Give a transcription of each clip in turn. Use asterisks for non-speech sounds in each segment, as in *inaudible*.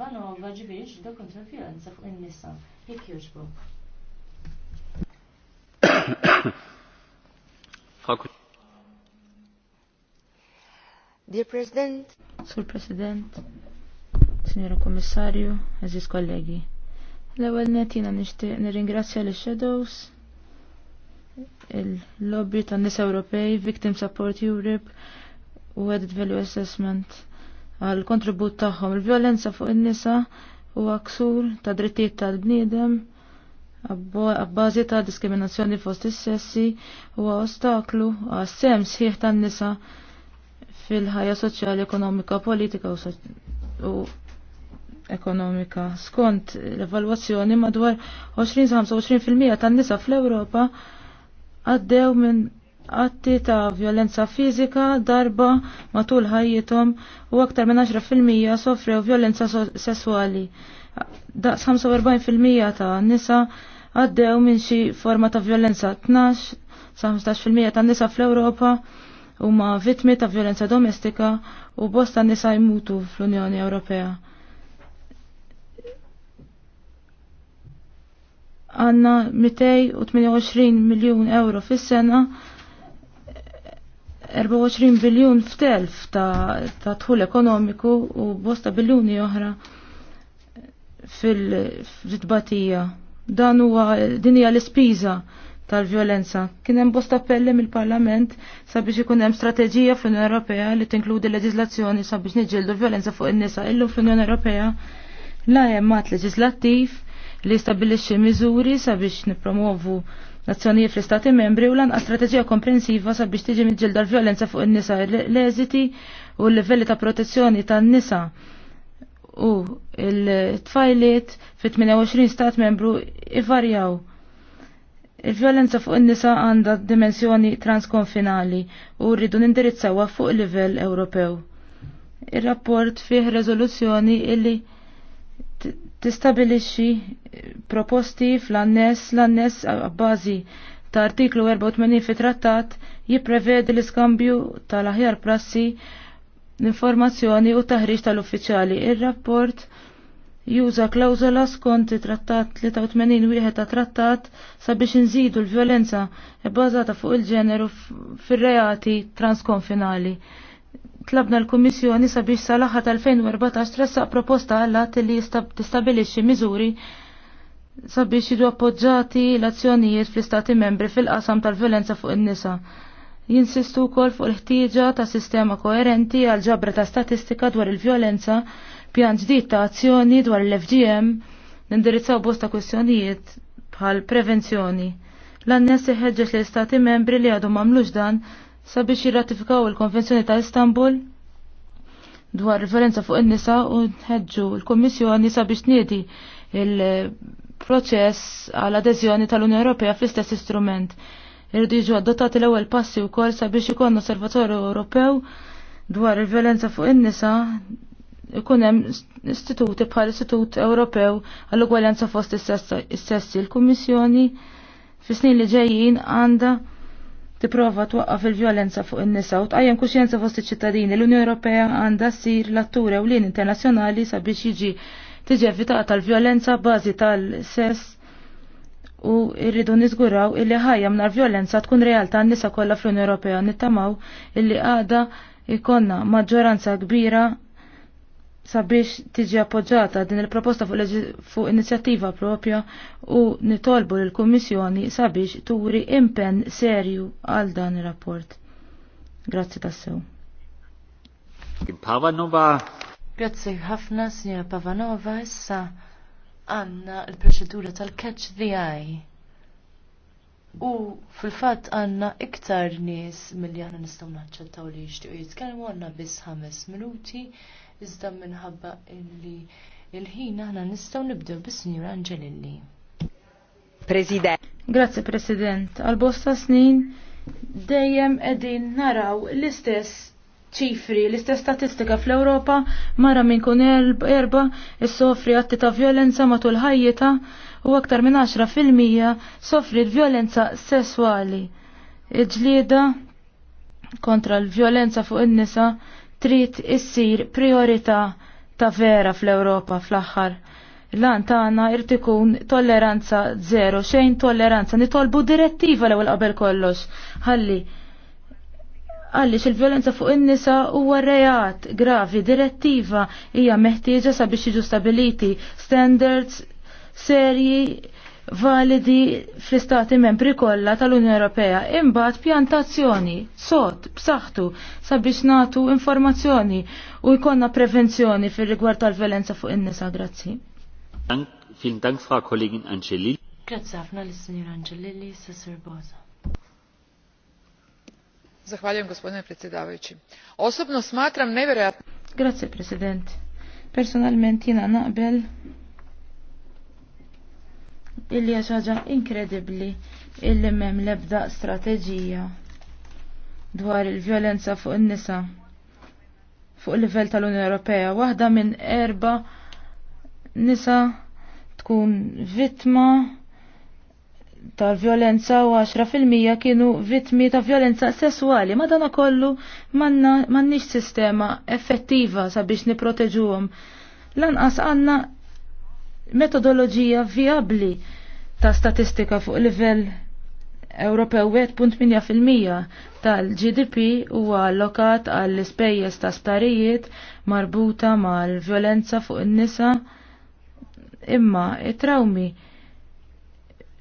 Ivanova ġibiex ġidda kontra l fuq in-nisa. Jekk jogħġbu. *coughs* Dear President, Sur President, Signora Kommissarju, Aziz kollegi. L-ewwel netina nixtieq nirringrazzja l shadows il-lobby tan-nisa Ewropej, Victim Support Europe u Added Value Assessment għal kontribut tagħhom. Il-violenza fuq in-nisa huwa ksur ta' drittijiet tal-bniedem għabbażi ta' diskriminazzjoni fost is-sessi huwa ostaklu għas sem sħiħ tan-nisa fil-ħajja soċjali, ekonomika, politika u ekonomika. Skont l-evalwazzjoni madwar 20-25% tan-nisa fl-Ewropa għaddew minn atti ta' violenza fizika darba matul ħajjithom u aktar minn 10% sofrew violenza sessuali. Da' 45% ta' nisa għaddew minn xi forma ta' violenza 12 sa 15% ta' nisa fl-Ewropa huma vittmi ta' violenza domestika u bosta nisa jmutu fl-Unjoni Ewropea. għanna 228 miljon euro fis sena 24 biljun f'telf ta' tħul ekonomiku u bosta biljuni oħra fil-tbatija. Dan huwa din hija l-ispiża tal-vjolenza. Kien hemm bosta appelli mill-Parlament sabiex ikun hemm strateġija fl-Unjoni Ewropea li tinkludi leġiżlazzjoni sabiex niġġieldu violenza fuq in-nisa illu fl-Unjoni Ewropea la hemm mat leġislattiv li stabbilixxi miżuri sabiex nippromovu nazzjonijiet fl-istati membri u lanqas strateġija komprensiva sabiex tiġi miġġilda l violenza fuq in-nisa l-eżiti u l-livelli ta' protezzjoni tan-nisa u l-tfajliet fit-28 stat membru ivarjaw. Il-vjolenza fuq in-nisa għandha dimensjoni transkonfinali u rridu nindirizzawha fuq livell Ewropew. Ir-rapport fih rezoluzzjoni illi tistabilixxi proposti fl-annes l-annes bażi ta' artiklu 84 fit-trattat jipprevedi l-iskambju tal-aħjar prassi l-informazzjoni u taħriġ tal-uffiċjali. Ir-rapport juża klawżola skont trattat 83 wieħed ta' trattat sabiex inżidu l-vjolenza bbażata fuq il-ġeneru fir-reati transkonfinali tlabna l-Kummissjoni sabiex sal-aħħar tal-2014 tressaq proposta għallat li tistabilixxi miżuri sabiex jiġu appoġġati l-azzjonijiet fl-Istati membri fil-qasam tal-violenza fuq in-nisa. Jinsistu wkoll fuq il-ħtieġa ta' sistema koerenti għal ġabra ta' statistika dwar il-violenza, pjan ġdid ta' azzjoni dwar l-FGM, nindirizzaw bosta kwestjonijiet bħal prevenzjoni. L-annes iħeġġeġ l-Istati membri li għadu mamlux dan sabiex jirratifikaw il-Konvenzjoni ta' Istanbul dwar referenza fuq in-nisa u nħedġu l-Kommissjoni sabiex niedi il-proċess għal adeżjoni tal-Unjoni Ewropea fl-istess istrument. Irridu jiġu adottati l-ewwel passi wkoll sabiex ikun Osservatorju Ewropew dwar il-violenza fuq in-nisa ikun hemm istituti bħal Istitut Ewropew għall-ugwaljanza fost is-sessi. Il-Kummissjoni fis-snin li ġejjin għandha tipprova twaqqaf il-vjolenza fuq in-nisa u tqajjem kuxjenza fost iċ-ċittadini l-Unjoni Ewropea għandha ssir l-attur ewlien internazzjonali sabiex jiġi tiġi evitata tal-vjolenza bażi tal-sess u rridu niżguraw illi ħajja mnar vjolenza tkun realtà n-nisa kollha fl-Unjoni Ewropea nittamaw illi għada ikonna maġġoranza kbira sabiex tiġi appoġġata din il-proposta fuq fu inizjattiva propja u nitolbu l kummissjoni sabiex turi impenn serju għal dan ir-rapport. Grazzi tassew. Pavanova. Grazzi ħafna, signora Pavanova, issa għanna il-proċedura tal-catch the eye. U fil-fatt għanna iktar nies mill-li għanna nistaw naċċettaw li jixtiqu jitkellmu għanna biss ħames minuti, iżda minħabba illi il-ħin aħna nistaw nibdew bis-Sinjur Angelilli. President. Grazie President. Għal-bosta snin dejjem edin naraw l-istess ċifri l-istess statistika fl-Ewropa mara minn kun erba s-sofri atti ta' violenza matul ħajjita u aktar minn 10% fil-mija sofri l-violenza sessuali. Iġlida kontra l-violenza fuq in-nisa trid issir priorità ta' vera fl-Ewropa fl-aħħar. Lan tagħna irid ikun tolleranza zero, xejn tolleranza, nitolbu direttiva l-ewwel qabel kollox. Ħalli, għaliex il-violenza fuq in-nisa huwa reat gravi direttiva hija meħtieġa sabiex jiġu stabiliti standards serji validi fl-istati membri kollha tal-Unjoni Ewropea imbagħad pjantazzjoni sod b'saħħtu sabiex nagħtu informazzjoni u jkollna prevenzjoni fir-rigward tal-violenza fuq in-nisa grazzi. Vielen Dank, Frau Kollegin Angelilli. Grazie ħafna lis-Sinjur Angelilli, Sessur Boza. Zahvaljujem Grazie president. Personalment jina naqbel illi ħaġa inkredibli illi mem lebda strateġija dwar il-violenza fuq in-nisa fuq il-livell tal-Unjoni Ewropea. Waħda minn erba' nisa tkun vittma tal-violenza u 10% kienu vittmi ta' violenza sessuali, ma dana kollu mannix sistema effettiva sabiex niproteġuhom. Lanqas għanna metodoloġija viabli ta' statistika fuq livell Ewropew 1.8% tal-GDP huwa allokat għall ispejjeż ta' starijiet marbuta mal-violenza fuq in-nisa imma it-trawmi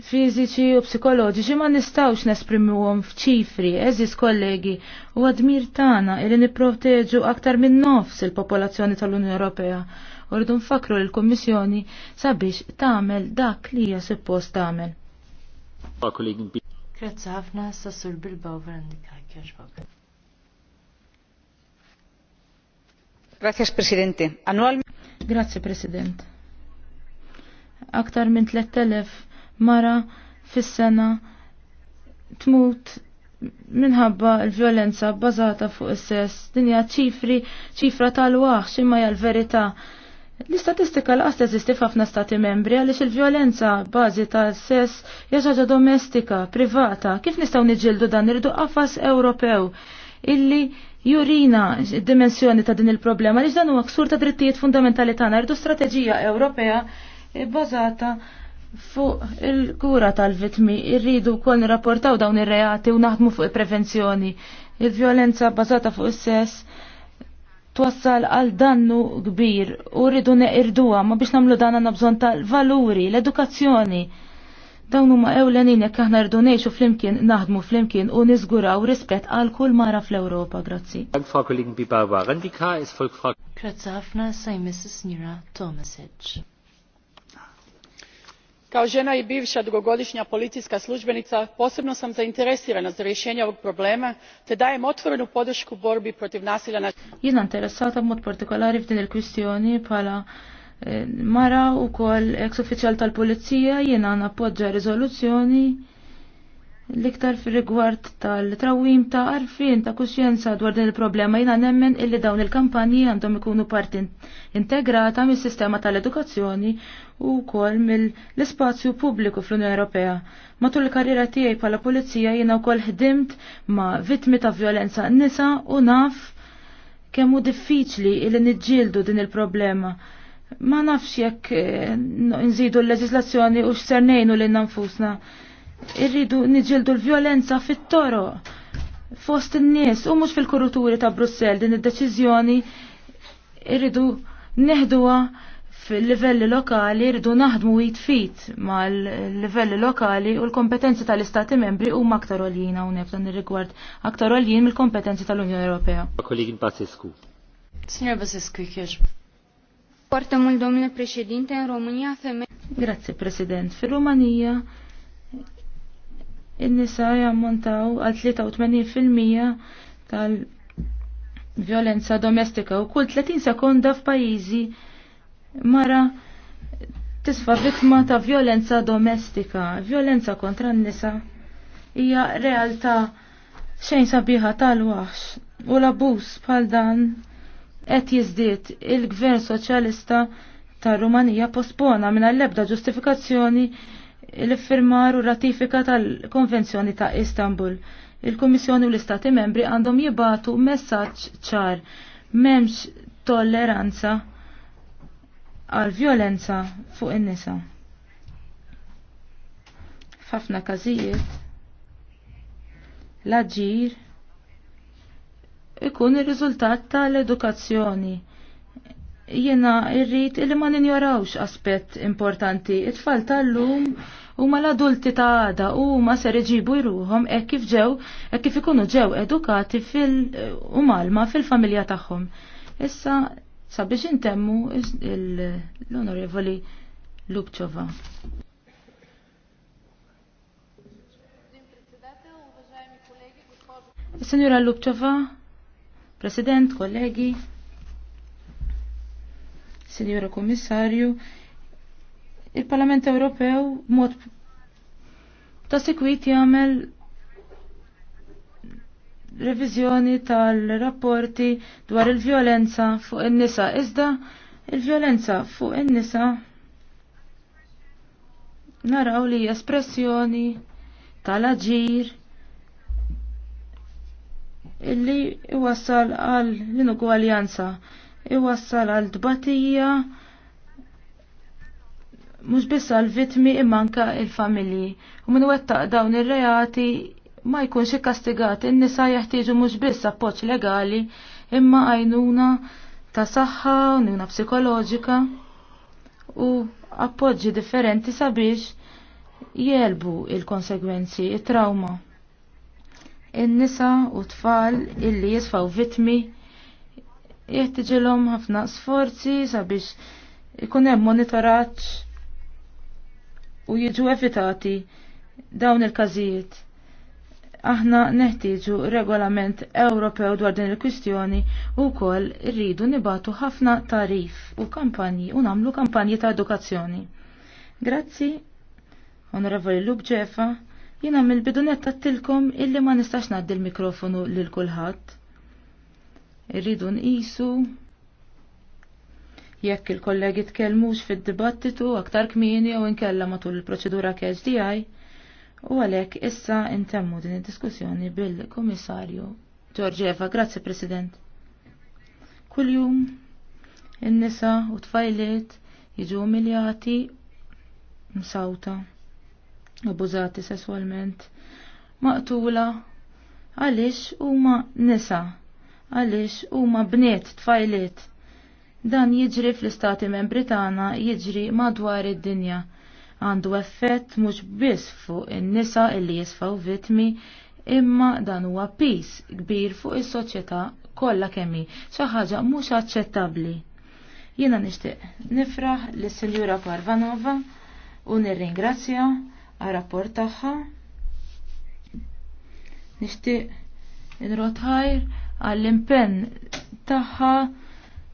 fiżiċi u psikoloġiċi ma nistawx għom f'ċifri, eżis kollegi, u għadmir tagħna li nipproteġu aktar minn nofs il-popolazzjoni tal-Unjoni Ewropea. Urdu nfakru l kummissjoni sabiex tagħmel dak li hija suppost tagħmel. Grazzi ħafna Sassur Bilbao Grazie Presidente. Annualmente Grazie President. Aktar minn 3000 mara fis-sena tmut minħabba l-violenza bbażata fuq is-sess. Dinja ċifri, ċifra tal-waħx imma hija l-verità. L-istatistika laqas teżisti f'ħafna stati membri għaliex il-violenza bażi tas sess hija ħaġa domestika, privata. Kif nistgħu niġġieldu dan irdu qafas Ewropew illi jurina id-dimensjoni ta' din il-problema għaliex dan huwa ksur ta' drittijiet fundamentali tagħna irdu strateġija Ewropea bbażata Fuq il-kura tal-vitmi, irridu kol nirrapportaw dawn ir-reati u naħdmu fuq il-prevenzjoni. Il-violenza bazata fuq is-sess twassal għal dannu kbir u rridu neqirduha ma biex nagħmlu dan għandna bżonn tal-valuri, l-edukazzjoni. Dawn huma ewlenin jekk aħna rridu ngħixu flimkien naħdmu flimkien u niżguraw rispett għal kull mara fl-Ewropa, grazzi. Grazzi ħafna saj Mrs. Nira Tomasic kao žena i bivša dugogodišnja policijska službenica posebno sam zainteresirana za rješenje ovog problema te dajem otvorenu podršku borbi protiv nasilja nad jiena interessata b'mod partikolari f'din il-kwistjoni bħala eh, mara wkoll ex uffiċjal tal-pulizija jiena nappoġġja riżoluzzjoni L-iktar fil-rigward tal-trawim ta' arfin ta' kuxjenza dwar din il-problema jina nemmen illi dawn il-kampanji għandhom ikunu parti integrata mis sistema tal-edukazzjoni u kol mill-spazju pubbliku fl-Unjoni Ewropea. Matul il-karriera tiegħi bħala pulizija jiena wkoll ħdimt ma' vittmi ta' violenza nisa u naf kemm hu diffiċli illi niġġieldu din il-problema. Ma nafx jekk eh, nżidu l-leġislazzjoni u x'sernejnu ngħinu lil nfusna irridu niġildu l-violenza fit-toro fost in-nies u mhux fil-kuruturi ta' Brussell din id-deċiżjoni irridu neħduha fil-livelli lokali irridu naħdmu jitfit mal-livelli lokali u l-kompetenzi tal-Istati membri u aktar oljien u dan ir-rigward aktar oljien mill-kompetenzi tal-Unjoni Ewropea. Kolegin Basescu. Signor Basescu, kiex. Porta mult, domnule președinte, în România Grazie, president. Fil-Romania in-nisa jammontaw għal 83% tal-violenza domestika u kull 30 sekonda f'pajjiżi mara tisfa' vittma ta' violenza domestika. Violenza kontra n-nisa hija realtà xejn sabiħa tal-waħx u l-abbuż bħal dan qed jiżdied il-Gvern Soċjalista tar-Rumanija pospona minn l-ebda ġustifikazzjoni l firmar u ratifika tal-Konvenzjoni ta' Istanbul. il komissjoni u l-Istati membri għandhom jibatu messaġġ ċar m'hemmx tolleranza għal violenza fuq in-nisa. F'ħafna każijiet l-aġir ikun ir-riżultat tal-edukazzjoni Jiena irrit illi ma ninjorawx aspett importanti. It-tfal tal-lum u ma l-adulti ta' għada u ma ser iġibu jruhom e kif ġew, e kif ikunu ġew edukati fil-u malma fil-familja tagħhom. Issa sabiex intemmu l-onorevoli Lubċova. Signora Lubčova, President, kollegi, Sinjora Komissarju, il-Parlament Ewropew mod ta' sekwit jagħmel reviżjoni tal-rapporti dwar il-vjolenza fuq in-nisa. Iżda il-vjolenza fuq in-nisa naraw li espressjoni tal-aġir illi iwassal għal l-inugwaljanza iwassal għal dbatija mhux biss għal vitmi immanka il-familji. U minn wettaq dawn ir-reati ma jkunx ikkastigat in-nisa jeħtieġu mhux biss appoġġ legali imma għajnuna ta' saħħa, għajnuna psikoloġika u appoġġi differenti sabiex jelbu il-konsegwenzi, il-trauma. In-nisa u tfal illi jisfaw vitmi jeħtiġilhom ħafna sforzi sabiex ikun hemm monitoraġġ u jiġu evitati dawn il-każijiet. Aħna neħtieġu regolament Ewropew dwar din il-kwistjoni u wkoll irridu nibatu ħafna tarif u kampanji u nagħmlu kampanji ta' edukazzjoni. Grazzi, Onorevoli Lub Ġefa, jiena mill-bidunet tilkom illi ma nistax ngħaddi l-mikrofonu lil kulħadd irridu nqisu jekk il-kollegi tkellmux fid-dibattitu aktar kmieni jew inkella matul il-proċedura tiegħi, u għalhekk issa intemmu din id-diskussjoni bil-Kummissarju Eva, Grazzi President. Kuljum in-nisa u tfajliet jiġu umiljati msawta, abbużati sesswalment, maqtula għaliex huma nisa' għaliex huma bniet tfajliet. Dan jiġri fl-istati membri tagħna jiġri madwar id-dinja. Għandu effett mhux biss fuq in-nisa illi jisfaw vitmi imma dan huwa pis kbir fuq is-soċjetà kollha kemmi xi ħaġa mhux aċċettabbli. Jiena nixtieq nifraħ lis sinjura Parvanova u nirringrazzja għar-rapport tagħha. Nixtieq inrotħajr għall-impenn tagħha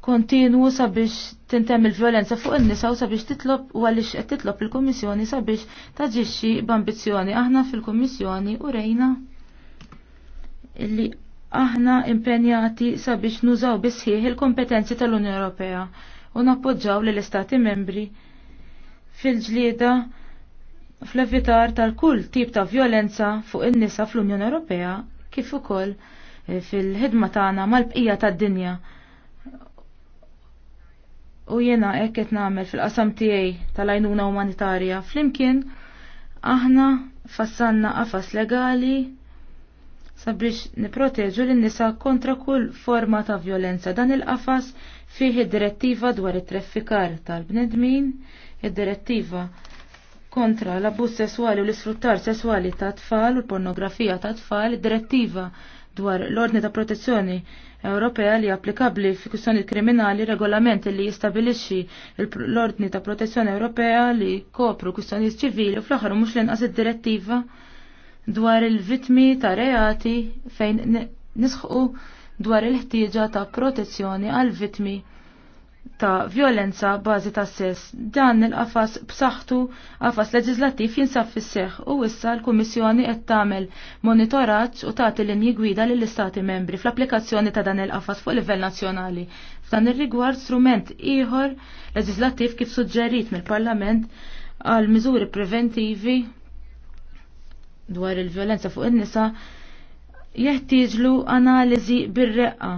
kontinu sabiex tintem il-violenza fuq in-nisa u sabiex titlob u għaliex qed titlob il-Kummissjoni sabiex taġixxi b'ambizzjoni. Aħna fil-Kummissjoni u rejna illi aħna impenjati sabiex nużaw bisħiħ il-kompetenzi tal-Unjoni Ewropea u nappoġġaw lill istati membri fil-ġlieda fl-evitar tal-kull tip ta' violenza fuq in-nisa fl-Unjoni Ewropea kif ukoll fil-ħidma tagħna mal-bqija tad-dinja. U jiena hekk qed nagħmel fil-qasam tiegħi tal-għajnuna umanitarja flimkien aħna fassanna qafas legali sabiex niproteġu lin nisa kontra kull forma ta' violenza. Dan il-qafas fih id-direttiva dwar it-traffikar tal-bnedmin, id-direttiva kontra l-abbuż sesswali u l-isfruttar sesswali ta' tfal u l-pornografija ta' tfal, id-direttiva dwar l-ordni ta' protezzjoni Ewropea li applikabli fi kwistjoni kriminali regolament li jistabilixxi l-ordni ta' protezzjoni Ewropea li kopru kwistjonijiet ċivili u fl-aħħar mhux l-inqas id-direttiva dwar il-vitmi ta' reati fejn nisħu dwar il-ħtieġa ta' protezzjoni għal vitmi ta' violenza bażi ta' sess. Dan il-qafas b'saħħtu qafas leġislattiv jinsab fis-seħħ u issa l-Kummissjoni qed tagħmel monitoraġġ u tagħti linji gwida lill-Istati membri fl-applikazzjoni ta' dan il-qafas fuq livell nazzjonali. F'dan ir-rigward strument ieħor leġislattiv kif suġġerit mill-Parlament għal miżuri preventivi dwar il-violenza fuq in-nisa jeħtieġlu analiżi bir-reqqa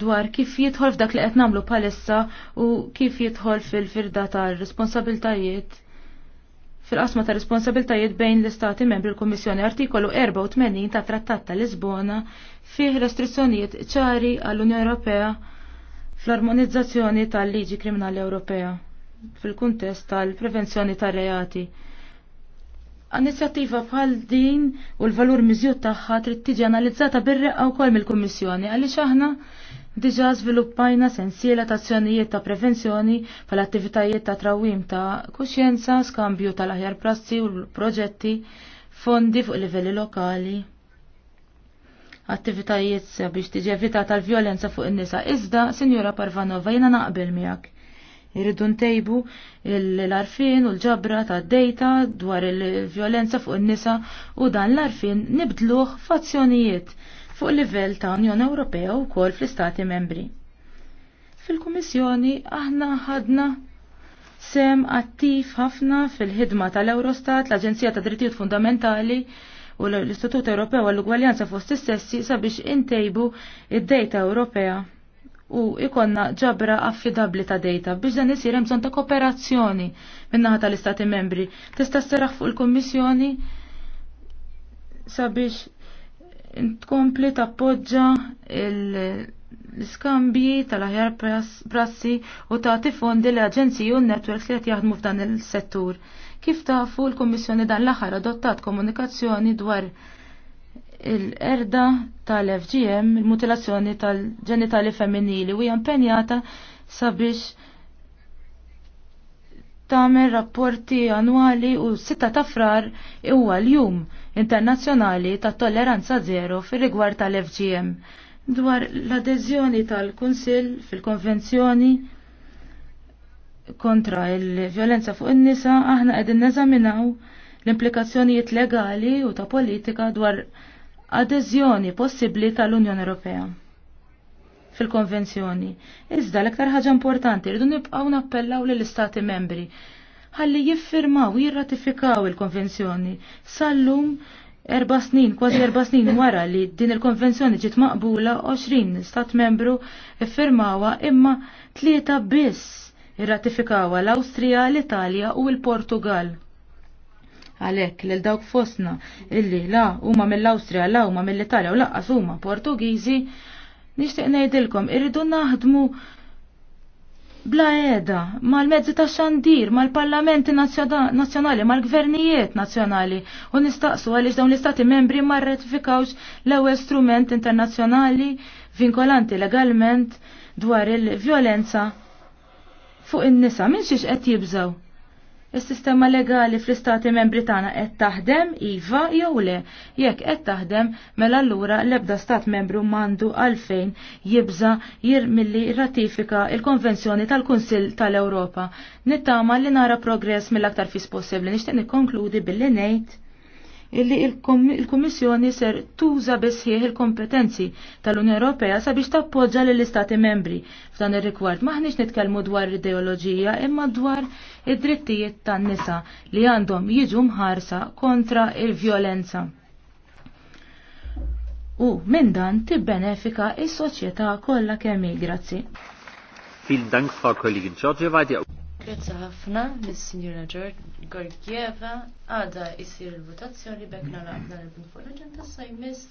dwar kif jidħol f'dak li qed nagħmlu palissa u kif jidħol fil-firda tar-responsabiltajiet fil-qasma ta' responsabiltajiet bejn l-Istati membri l-Kommissjoni artikolu 84 ta' Trattat ta' Lisbona fih restrizzjonijiet ċari għall-Unjoni Ewropea fl-armonizzazzjoni tal-liġi kriminali Ewropea fil-kuntest tal-prevenzjoni ta' reati. Inizjattiva bħal din u l-valur miżjut tagħha trid tiġi analizzata bir-reqqa wkoll mill-Kummissjoni għaliex aħna Diġa żviluppajna sensiela ta' azzjonijiet ta' prevenzjoni pal attivitajiet ta' trawim ta' kuxjenza, skambju tal-aħjar prassi u proġetti, fondi fuq livelli lokali. Attivitajiet biex tiġi evitata tal-vjolenza fuq in-nisa iżda, Sinjora Parvanova jiena naqbel miegħek. Irridu ntejbu l-arfin u l-ġabra ta' dejta dwar il-vjolenza fuq in-nisa u dan l-arfin nibdluh f'azzjonijiet fuq livell ta' Unjoni Ewropea u kol fl-Istati membri. Fil-Kummissjoni aħna ħadna sem attiv ħafna fil-ħidma tal-Eurostat, l-Aġenzija ta' Drittijiet Fundamentali u l-Istitut Ewropew għall-Ugwaljanza fost istessi sabiex intejbu id-data Ewropea u ikonna ġabra affidabli ta' data biex dan isir hemm ta' kooperazzjoni min-naħa tal-Istati Membri. Tista' seraħ fuq il-Kummissjoni sabiex tkompli tappoġġa l-iskambji tal-aħjar prassi u tagħti fondi l-aġenziji u n-netwerks li qed jaħdmu f'dan il-settur. Kif tafu l-Kummissjoni dan l-aħħar adottat komunikazzjoni dwar l erda tal-FGM, il-mutilazzjoni tal-ġenitali femminili u hija impenjata sabiex tagħmel rapporti annwali u sitta ta' frar huwa l-jum internazzjonali ta' tolleranza zero fir-rigward tal-FGM dwar l adezjoni tal-Kunsill fil-Konvenzjoni kontra il-violenza fuq in-nisa aħna qegħdin neżaminaw l-implikazzjonijiet legali u ta' politika dwar adeżjoni possibbli tal-Unjoni Ewropea fil-konvenzjoni. Iżda l-iktar ħaġa importanti rridu nibqgħu nappellaw lill istati membri ħalli jiffirmaw jirratifikaw il-konvenzjoni sal-lum erba' snin, kważi erba' snin wara li din il-konvenzjoni ġiet maqbula 20 stat membru iffirmawa imma tlieta biss irratifikawa l-Awstrija, l-Italja u l-Portugal għalek l dawk fosna illi la huma mill-Awstrija la huma mill-Italja u laqqas huma Portugiżi Nixtieq ngħidilkom irridu naħdmu bla qiegħda mal-mezzi tax-xandir, mal-parlamenti nazzjonali, mal-gvernijiet nazzjonali u nistaqsu għaliex dawn l-istati membri ma rratifikawx l-ewwel strument internazzjonali vinkolanti legalment dwar il-vjolenza fuq in-nisa minn xiex qed jibżaw. Is-sistema legali fl-istati membri tagħna qed taħdem iva jew le. Jekk qed taħdem mela allura l-ebda stat membru mandu għalfejn jibża milli ratifika il-Konvenzjoni tal-Kunsill tal-Ewropa. Nittama li nara progress mill-aktar fis possibbli nixtieq nikkonkludi billi ngħid illi il-Kummissjoni ser tuża besħieħ il-kompetenzi tal-Unjoni Ewropea sabiex tappoġġa lill istati membri f'dan ir-rigward. Maħniex nitkellmu dwar ideoloġija imma dwar id-drittijiet tan-nisa li għandhom jiġu mħarsa kontra il-vjolenza. U minn dan tibbenefika is-soċjetà kollha kemm grazzi. Vielen Dank, Frau Kollegin Georgieva. Grazie ħafna mis signora Gorgieva għada jisir il-votazzjoni bekk nagħlaq dan il-punt fuq l-aġenda sajmis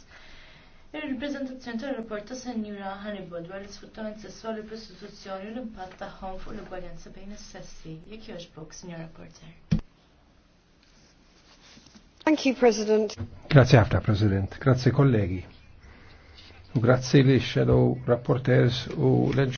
il-reprezentazzjoni tal-rapport ta' Signora Hannibal dwar l-isfruttament sessuali prostituzzjoni u l-impatt tagħhom fuq l-ugwaljanza bejn is-sessi. Jekk jogħġbok, Sinjura Porter. Thank you, President. Grazie ħafna, President. Grazie kollegi. U grazie li shadow rapporteurs u l